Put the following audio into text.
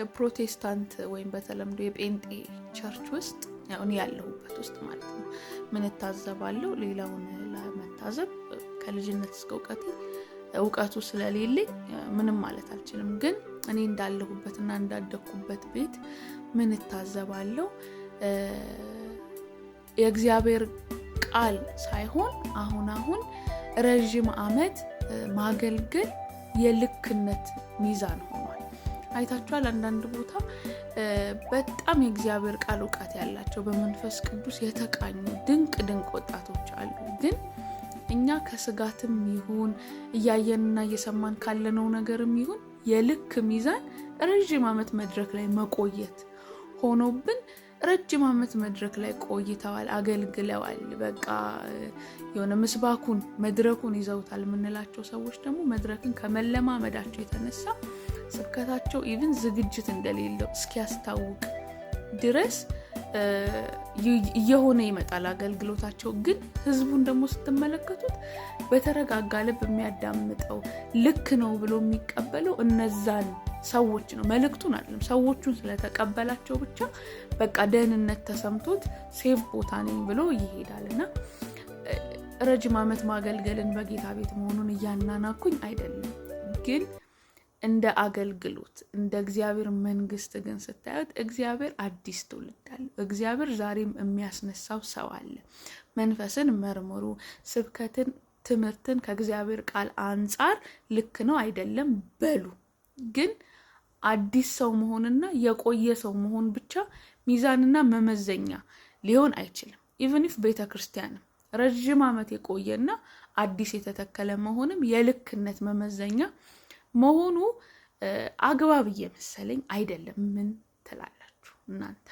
የፕሮቴስታንት ወይም በተለምዶ የጴንጤ ቸርች ውስጥ እኔ ያለሁበት ውስጥ ማለት ነው ምን እታዘባለሁ? ሌላውን ለመታዘብ ከልጅነት እስከ እውቀቴ እውቀቱ ስለሌለኝ ምንም ማለት አልችልም። ግን እኔ እንዳለሁበት እና እንዳደግኩበት ቤት ምን እታዘባለሁ? የእግዚአብሔር ቃል ሳይሆን አሁን አሁን ረዥም አመት ማገልገል የልክነት ሚዛን ነው አይታችኋል። አንዳንድ ቦታ በጣም የእግዚአብሔር ቃል እውቀት ያላቸው በመንፈስ ቅዱስ የተቃኙ ድንቅ ድንቅ ወጣቶች አሉ። ግን እኛ ከስጋትም ይሁን እያየንና እየሰማን ካለነው ነገርም ይሁን የልክ ሚዛን ረዥም ዓመት መድረክ ላይ መቆየት ሆኖብን ረጅም ዓመት መድረክ ላይ ቆይተዋል፣ አገልግለዋል። በቃ የሆነ ምስባኩን መድረኩን ይዘውታል የምንላቸው ሰዎች ደግሞ መድረክን ከመለማመዳቸው የተነሳ ስብከታቸው ኢቭን ዝግጅት እንደሌለው እስኪያስታውቅ ድረስ እየሆነ ይመጣል አገልግሎታቸው። ግን ህዝቡን ደግሞ ስትመለከቱት በተረጋጋ ልብ የሚያዳምጠው ልክ ነው ብሎ የሚቀበለው እነዛን ሰዎች ነው። መልእክቱን አለም ሰዎቹን ስለተቀበላቸው ብቻ በቃ ደህንነት ተሰምቶት ሴፍ ቦታ ነኝ ብሎ ይሄዳል እና ረጅም አመት ማገልገልን በጌታ ቤት መሆኑን እያናናኩኝ አይደለም ግን እንደ አገልግሎት እንደ እግዚአብሔር መንግስት ግን ስታዩት እግዚአብሔር አዲስ ትውልድ አለ። እግዚአብሔር ዛሬም የሚያስነሳው ሰው አለ። መንፈስን መርምሩ፣ ስብከትን፣ ትምህርትን ከእግዚአብሔር ቃል አንጻር ልክ ነው አይደለም በሉ። ግን አዲስ ሰው መሆንና የቆየ ሰው መሆን ብቻ ሚዛንና መመዘኛ ሊሆን አይችልም። ኢቨን ኢፍ ቤተ ክርስቲያንም ረዥም ዓመት የቆየና አዲስ የተተከለ መሆንም የልክነት መመዘኛ መሆኑ አግባብ እየመሰለኝ አይደለም። ምን ትላላችሁ እናንተ?